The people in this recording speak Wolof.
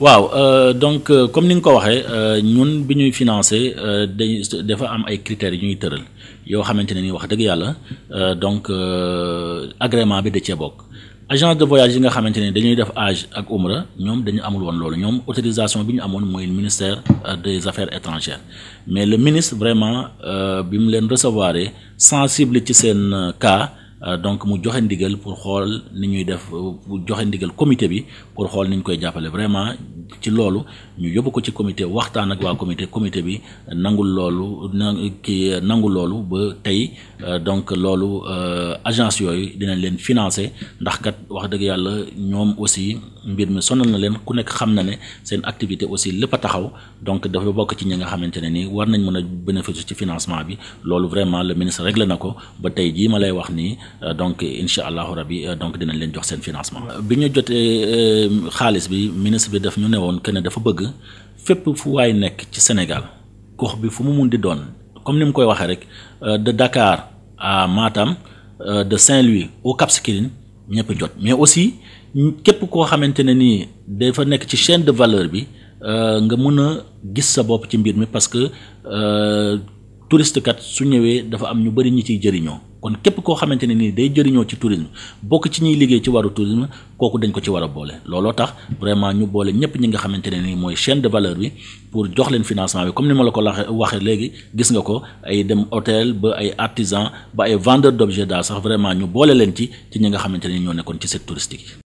waaw euh, donc euh, comme ni nga ko waxee euh, ñun bi ñuy financer dañ dafa am ay critères yu ñuy tëral yoo xamante ne ni wax dëgg yàlla donc agrément bi da cee bokk agence de voyage yi nga xamante ne dañuy def âge ak Umra ñoom dañu amul woon loolu ñoom autorisation bi ñu amoon mooy ministère des affaires étrangères mais le ministre vraiment bi mu leen recevoir sensible ci seen cas. donc mu joxe ndigal pour xool ni ñuy def pour joxe ndigal comité bi pour xool ni ñu koy jàppale vraiment ci loolu ñu yóbbu ko ci comité waxtaan ak waa comité comité bi nangul loolu na ki nangu loolu ba tey euh, donc loolu euh, agence yooyu dinañ leen financer ndax kat wax dëgg yàlla ñoom aussi mbir mi sonal na leen ku nekk xam na ne seen activité aussi lépp a taxaw donc dafa bokk ci ñi nga xamante ne nii war nañ mën a bénéficier ci financement bi loolu vraiment le ministre réglé na ko ba tey jii ma lay wax nii euh, donc incha allahu rabi donc dinañ leen jox seen financement ne woon que dafa bëgg fépp fu waay nekk ci Sénégal gox bi fu mu mun di doon comme ni mu koy waxee rek euh, de Dakar maatam Matam euh, de Saint-Louis au Cap Skirring ñëpp jot mais aussi képp koo xamante ne nii dafa nekk ci chaîne de valeur bi euh, nga mën a gis sa bopp ci mbir mi parce que touriste kat su ñëwee dafa am ñu bëri ñi ciy jëriñoo. kon képp koo xamante ne nii day jëriñoo ci tourisme bokk ci ñuy liggéey ci waru tourisme kooku dañ ko ci war a boole looloo tax vraiment ñu boole ñëpp ñi nga xamante ne nii mooy chaîne de valeur bi pour jox leen financement bi comme ni ma la ko la waxee léegi gis nga ko ay dem hôtel ba ay artisan ba ay vendeur d'objet daal sax vraiment ñu boole leen ci ci ñi nga xamante ne ñoo nekkoon ci set touristique